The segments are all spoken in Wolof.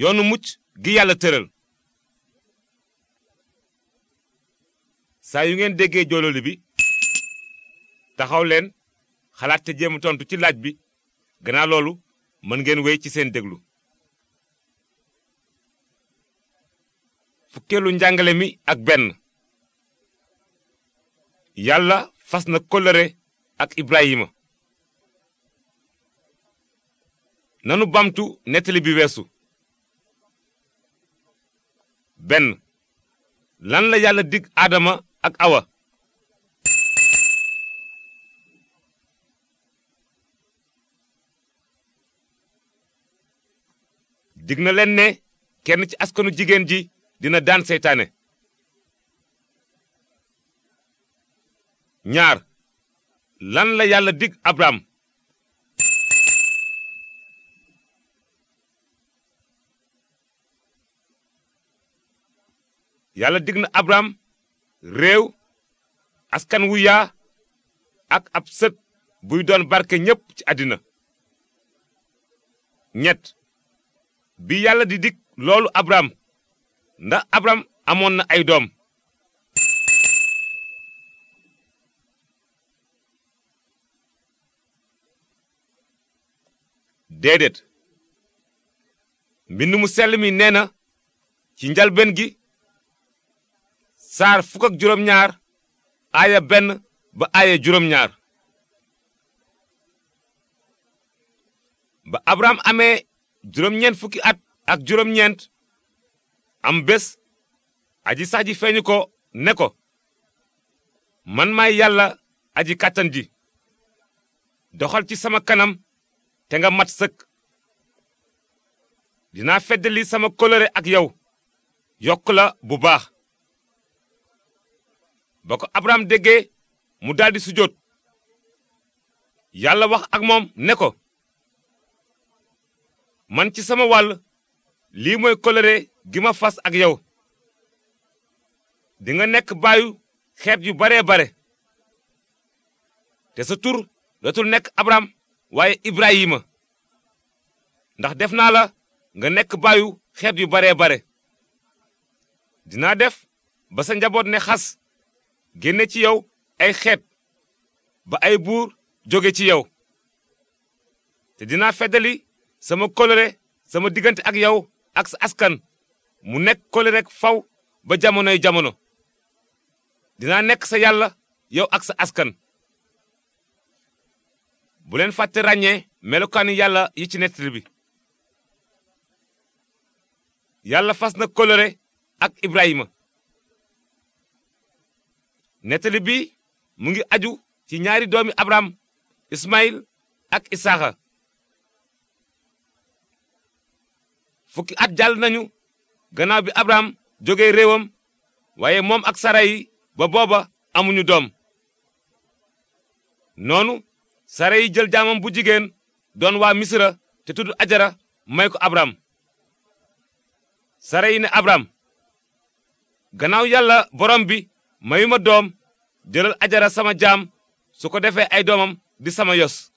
yoonu mucc gi yàlla tëral saa yu ngeen déggee joololi bi taxaw leen xalaat te jéem tontu ci laaj bi gannaaw loolu mën ngeen wéy ci seen déglu fukkeelu njàngale mi ak benn yàlla fas na kóllëre ak ibrahima nanu bamtu nettali bi weesu benn lan la yàlla dig adama ak awa dig na leen ne kenn ci askanu jigéen ji dina daan seytaane ñaar lan la yàlla dig abraham yàlla dig na abraham réew askan wu yaa ak ab sët buy doon barke ñépp ci àddina ñett bi yàlla di dig loolu abraham ndax abraham amoon na ay doom déedéet mbind mu sell mi nee na ci njalbéen gi saar fukk ak juróom-ñaar aaya benn ba aaya juróom-ñaar ba abraham amee juróom-ñeent fukki at ak juróom-ñeent am bés aji sax ji feeñu ne ko man may yàlla aji kàttan ji doxal ci sama kanam te nga mat sëkk dinaa feddali sama kóllëre ak yow yokk bu baax ba ko abraham déggee mu daldi sujjóot yàlla wax ak moom ne ko man ci sama wàll lii mooy kóllëre gi ma fas ak yow di nga nekk baayu xeet yu baree bare te sa tur dootul nekk abraham waaye ibrahima ndax def naa la nga nekk baayu xeet yu baree bare dinaa def ba sa njaboot ne xas génne ci yow ay xeet ba ay buur jóge ci yow te dinaa feddali sama kóllëre sama diggante ak yow ak sa askan mu nekk kóllëre rek faw ba jamonoy jamono dinaa nekk sa yàlla yow ak sa askan bu leen fàtte ràññee melokaanu yàlla yi ci nettali bi yàlla fas na kóllëre ak ibrahima nettali bi mu ngi aju ci ñaari doomi abraham ismail ak isaaxa fukki at jàll nañu gannaaw bi abraham jóge réewam waaye moom ak sarayi ba booba amuñu doom noonu sara yi jël jaamam bu jigéen doon waa misra te tudd ajara may ko abraham sara yi ne abraham gannaaw yàlla borom mayu ma doom jëlal ajara sama jaam su ko defee ay doomam di sama yos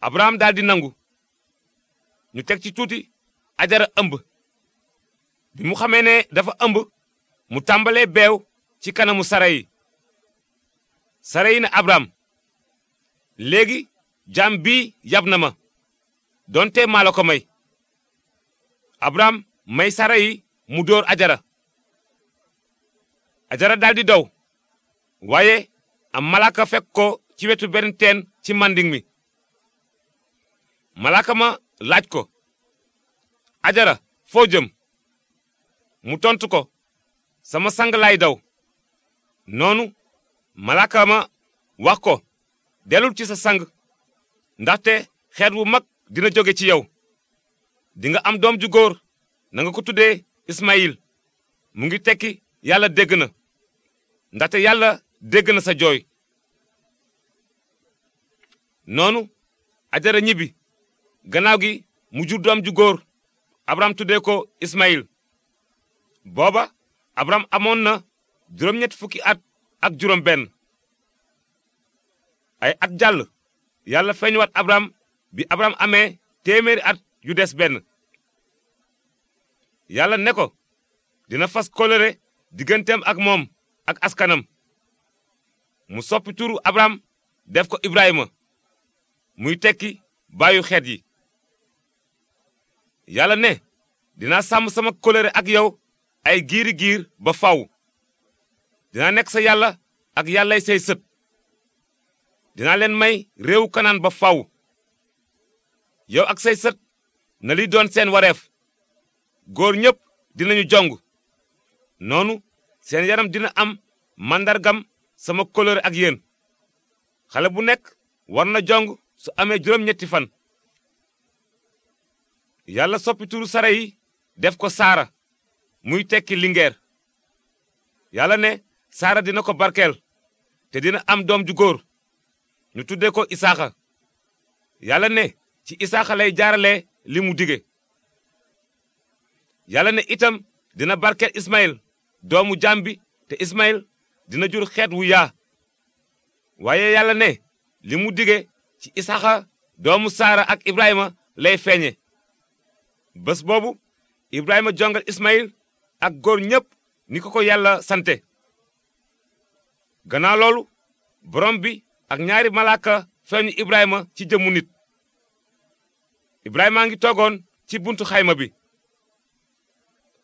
abraham di nangu ñu teg ci tuuti ajara ëmb bi mu xamee ne dafa ëmb mu tàmbalee beew ci kanamu sara yi sara yi ne abraham léegi jaam bii yab na ma donte maa la ko may abraham may sara yi mu dóor ajara ajara daldi daw waaye am malaaka fekk ko ci wetu benn teen ci manding mi malaaka ma laaj ko ajara foo jëm mu tontu ko sama sang laay daw noonu malaaka ma wax ko delul ci sa sang ndaxte xeet wu mag dina jóge ci yow dinga am doom ju góor nanga ko tuddee Ismaïl mu ngi tekki yàlla dégg na ndate yàlla dégg na sa jooy noonu ajara ñibbi ganaaw gi mu jur doom ju góor abraham tuddee ko ismail booba abraham amoon na juróom-ñetti fukki at ak juróom benn ay at jàll yàlla feeñuwaat abraham bi abraham ame téeméeri at yu des benn yàlla ne ko dina fas kóllëre digganteem ak moom ak askanam mu soppi turu abraham def ko ibrahima muy tekki baayu xeet yi yàlla ne dina sàmm sama kóllëre ak yow ay giiri giir ba faw dina nekk sa yàlla ak yàllay say sët dinaa leen may réewu kanaan ba faw yow ak say sët na li doon seen wareef góor ñépp dinañu jong noonu seen yaram dina am màndargam sama kóllëre ak yéen xale bu nekk war na jong su amee juróom-ñetti fan yàlla soppi sara yi def ko saara muy tekki lingeer yàlla ne saara dina ko barkeel te dina am doom ju góor ñu tuddee ko isaaxa yàlla ne ci isaaxa lay jaarale li mu dige yàlla ne itam dina barkeel ismaël doomu jaam bi te Ismaël dina jur xeet wu yaa waaye yàlla ne li mu dige ci Isaxa doomu Saara ak Ibrahima lay feeñe bés boobu Ibrahima jongal Ismaël ak góor ñépp ni ko ko yàlla sante gannaaw loolu borom bi ak ñaari malaaka feeñu Ibrahima ci jëmmu nit Ibrahima ngi toogoon ci buntu xayma bi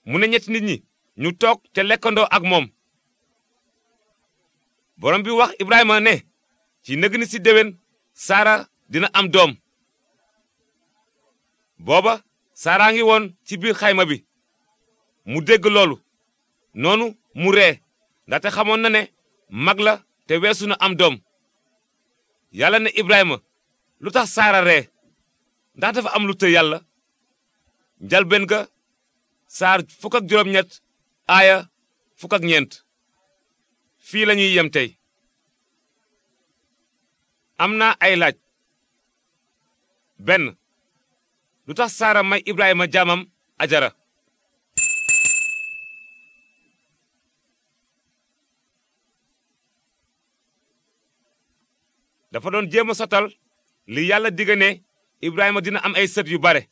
mu ne ñetti nit ñi ñu toog te lekkandoo ak moom borom bi wax Ibrahima ne ci nëgni si déwén Saara dina am doom booba Saara ngi woon ci biir xayma bi mu dégg loolu noonu mu ree ndaxte xamoon na ne mag la te weesu na am doom yàlla ne Ibrahima lu tax Saara ree ndax dafa am lu të yàlla njalbeen ga saar fukk ak juróom-ñett aaya fukk ñeent fii lañuy yem tey am na ay laaj benn lu tax saara may ibrahima jaamam ajara dafa doon jéem a sotal li yàlla diggane ne ibrahima dina am ay sët yu bare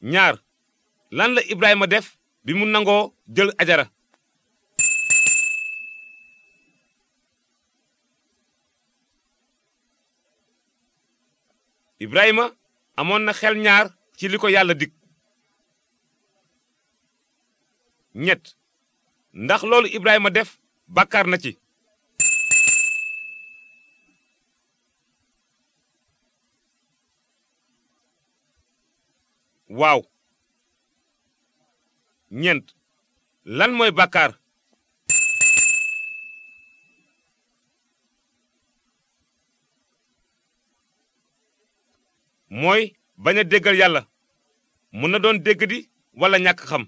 ñaar lan la Ibrahima def bi mu nangoo jël ajara Ibrahima amoon na xel ñaar ci li ko yàlla dig ñett ndax loolu Ibrahima def bàkkaar na ci waaw ñeent lan mooy bàkkaar mooy bañ a déggal yàlla mën na doon dégg di wala ñàkk xam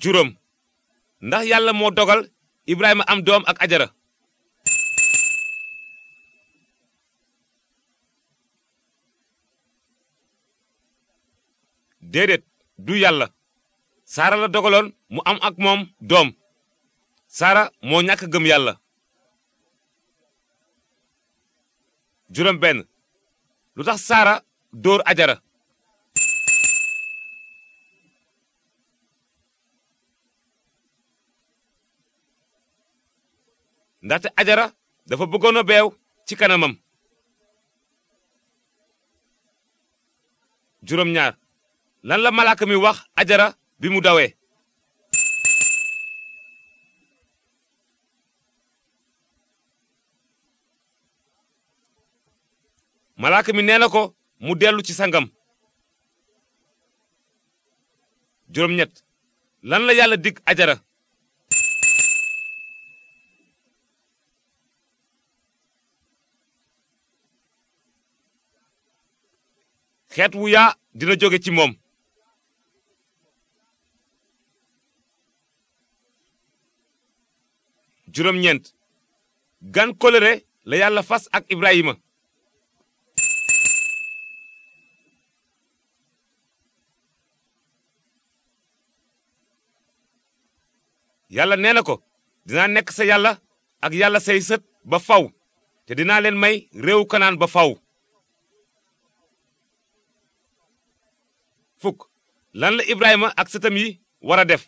juróom ndax yàlla moo dogal Ibrahima am doom ak ajara déedéet du yàlla saara la dogaloon mu am ak moom doom saara moo ñàkk gëm yàlla juróom benn lu tax saara dóor ajara ndaxte ajara dafa bëggoon a beew ci kanamam juróom lan la malaaka mi wax ajara bi mu dawee malaaka mi nee na ko mu dellu ci sangam juróom-ñett lan la yàlla dig ajara xeet wu yaa dina jóge ci moom juróom-ñeent gan kóllëre la yàlla fas ak Ibrahima. yàlla nee na ko dinaa nekk sa yàlla ak yàlla sey sët ba faw te dinaa leen may réewu kanaan ba faw fukk lan la Ibrahima ak sëtam yi war a def.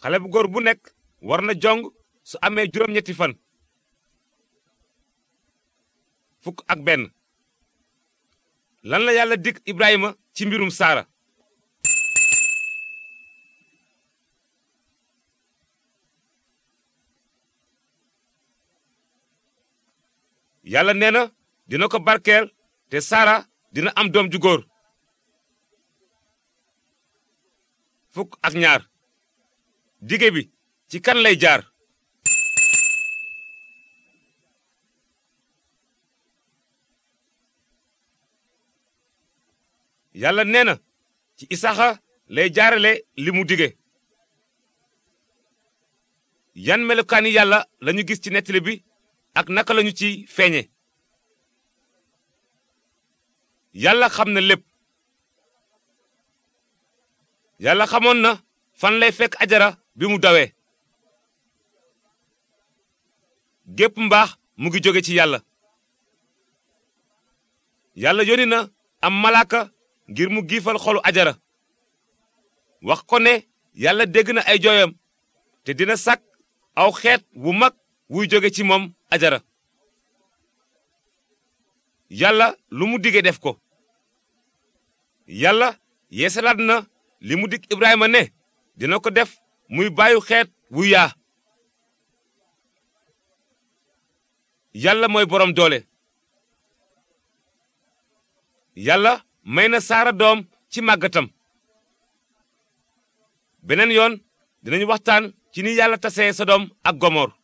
xale bu góor bu nekk war na jong su amee juróom-ñetti fan fukk ak benn lan la yàlla dikk Ibrahima ci mbirum Saara yàlla nee na dina ko barkeel te Saara dina am doom ju góor fukk ak ñaar dige bi ci kan lay jaar yàlla nee na ci isaxa lay jaarale li mu dige yan melukaani yàlla lañu gis ci nettali bi ak naka lañu ci feeñe yàlla xam na lépp yàlla xamoon na fan lay fekk ajara bi mu dawee gépp mbaax mu ngi jóge ci yàlla yàlla yónni na am malaaka ngir mu giifal xolu ajara wax ko ne yàlla dégg na ay jooyam te dina sàkk aw xeet wu mag wuy jóge ci moom ajara yàlla lu mu dige def ko yàlla yeesalaat na li mu dig ibrahima ne dina ko def muy bàyyu xeet wu yaa yàlla mooy boroom doole yàlla may na saara doom ci màggatam beneen yoon dinañu waxtaan ci ni yàlla tasee Sodom ak Gomor